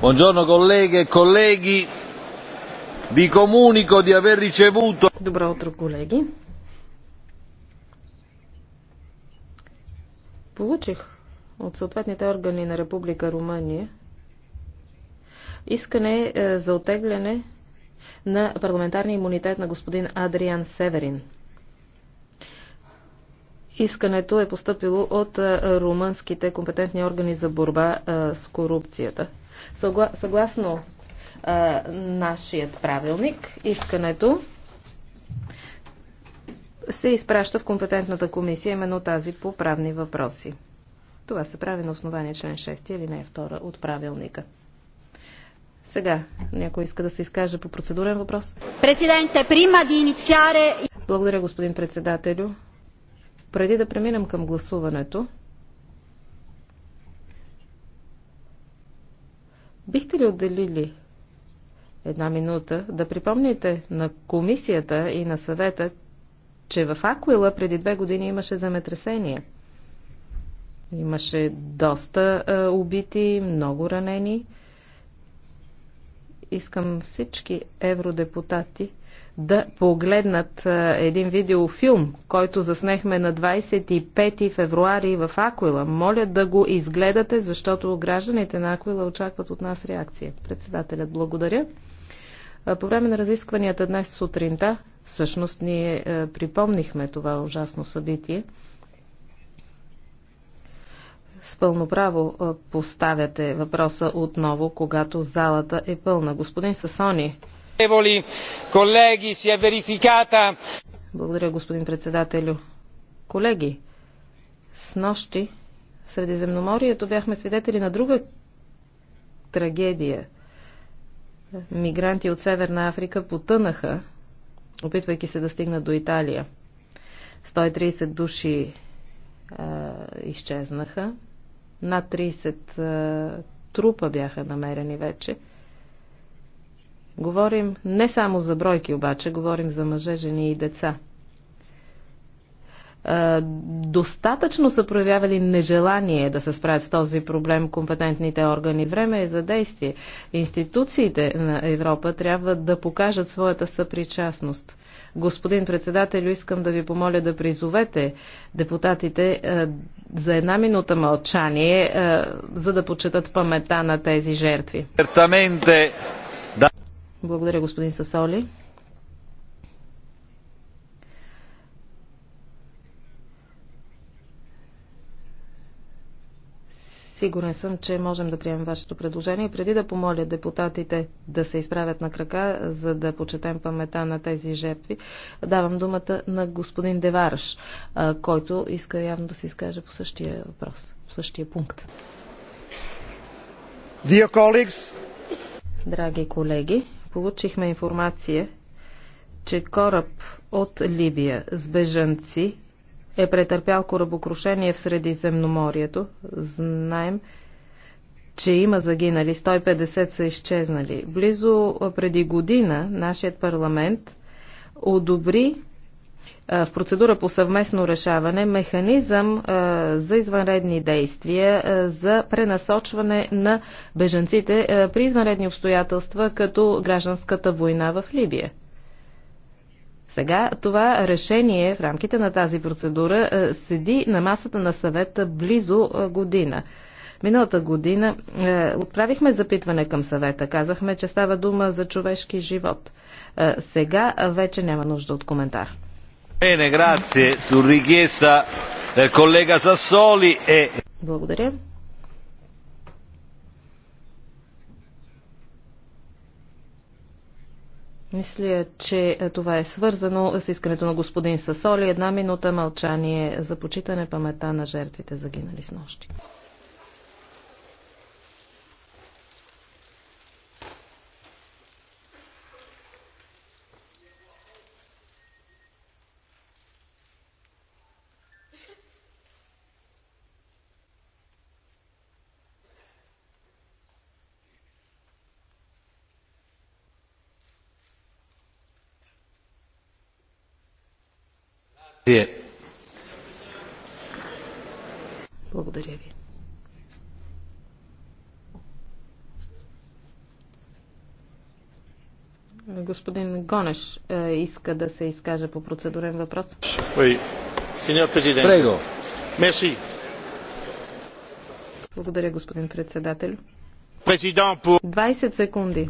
Buongiorno colleghe e colleghi. Vi comunico di aver ricevuto. Добро утро, колеги. Получих от съответните органи на Република Румъния искане е, за отегляне на парламентарния имунитет на господин Адриан Северин. Искането е поступило от румънските компетентни органи за борба с корупцията. Съгласно нашият правилник, искането се изпраща в компетентната комисия, именно тази по правни въпроси. Това се прави на основание член 6 или не 2 от правилника. Сега, някой иска да се изкаже по процедурен въпрос? Президенте, прима да инициаре... Благодаря, господин председателю. Преди да преминем към гласуването, бихте ли отделили една минута да припомните на комисията и на съвета, че в Акуила преди две години имаше земетресение? Имаше доста а, убити, много ранени. Искам всички евродепутати да погледнат е, един видеофилм, който заснехме на 25 февруари в Акуила. Моля да го изгледате, защото гражданите на Акуила очакват от нас реакция. Председателят, благодаря. Е, по време на разискванията днес сутринта, всъщност ние е, припомнихме това ужасно събитие. С пълно право поставяте въпроса отново, когато залата е пълна. Господин Сасони, Колеги, си е верификата. Благодаря, господин председателю. Колеги, с нощи в Средиземноморието бяхме свидетели на друга трагедия. Мигранти от Северна Африка потънаха, опитвайки се да стигнат до Италия. 130 души а, изчезнаха, над 30 а, трупа бяха намерени вече – Говорим не само за бройки, обаче, говорим за мъже, жени и деца. Достатъчно са проявявали нежелание да се справят с този проблем компетентните органи. Време е за действие. Институциите на Европа трябва да покажат своята съпричастност. Господин председател, искам да ви помоля да призовете депутатите за една минута мълчание, за да почетат памета на тези жертви. Благодаря, господин Сасоли. Сигурен съм, че можем да приемем вашето предложение. Преди да помоля депутатите да се изправят на крака, за да почетем памета на тези жертви, давам думата на господин Деварш, който иска явно да се изкаже по същия въпрос, по същия пункт. Dear colleagues, Драги колеги, получихме информация, че кораб от Либия с бежанци е претърпял корабокрушение в Средиземноморието. Знаем, че има загинали, 150 са изчезнали. Близо преди година нашият парламент одобри в процедура по съвместно решаване механизъм за извънредни действия за пренасочване на бежанците при извънредни обстоятелства, като гражданската война в Либия. Сега това решение в рамките на тази процедура седи на масата на съвета близо година. Миналата година е, отправихме запитване към съвета. Казахме, че става дума за човешки живот. Е, сега вече няма нужда от коментар. Bene, grazie. Su richiesta del eh, collega Sassoli e... Благодаря. Мисля, че е, това е свързано с искането на господин Сасоли. Една минута мълчание за почитане памета на жертвите загинали с нощи. Вие. Благодаря ви. Господин Гонеш е, иска да се изкаже по процедурен въпрос. Прего. Мерси. Благодаря, господин председател. 20 секунди.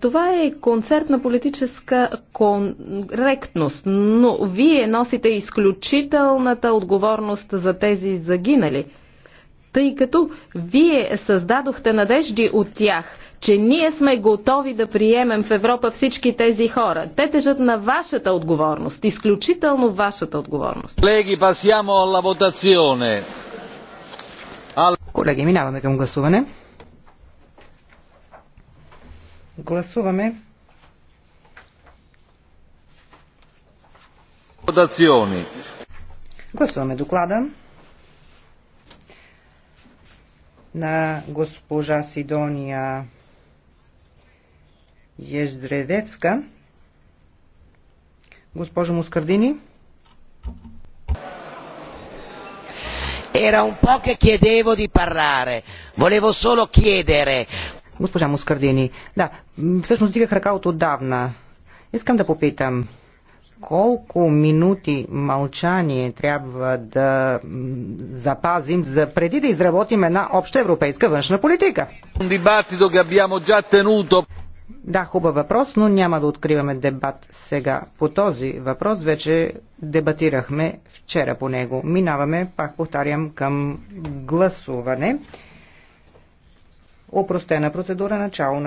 Това е концерт на политическа коректност, но вие носите изключителната отговорност за тези загинали, тъй като вие създадохте надежди от тях, че ние сме готови да приемем в Европа всички тези хора. Те тежат на вашата отговорност, изключително вашата отговорност. Колеги, пасямо ла Колеги, минаваме към гласуване. Гласуваме. Гласуваме доклада на госпожа Сидония Еждревецка. Госпожо Мускардини. Era un po' che chiedevo di parlare, volevo solo chiedere Госпожа Мускардини. Да, всъщност дигах ръка от отдавна. Искам да попитам колко минути мълчание трябва да запазим за преди да изработим една обща европейска външна политика? Да, хубав въпрос, но няма да откриваме дебат сега. По този въпрос вече дебатирахме вчера по него. Минаваме, пак повтарям, към гласуване опростена процедура начало на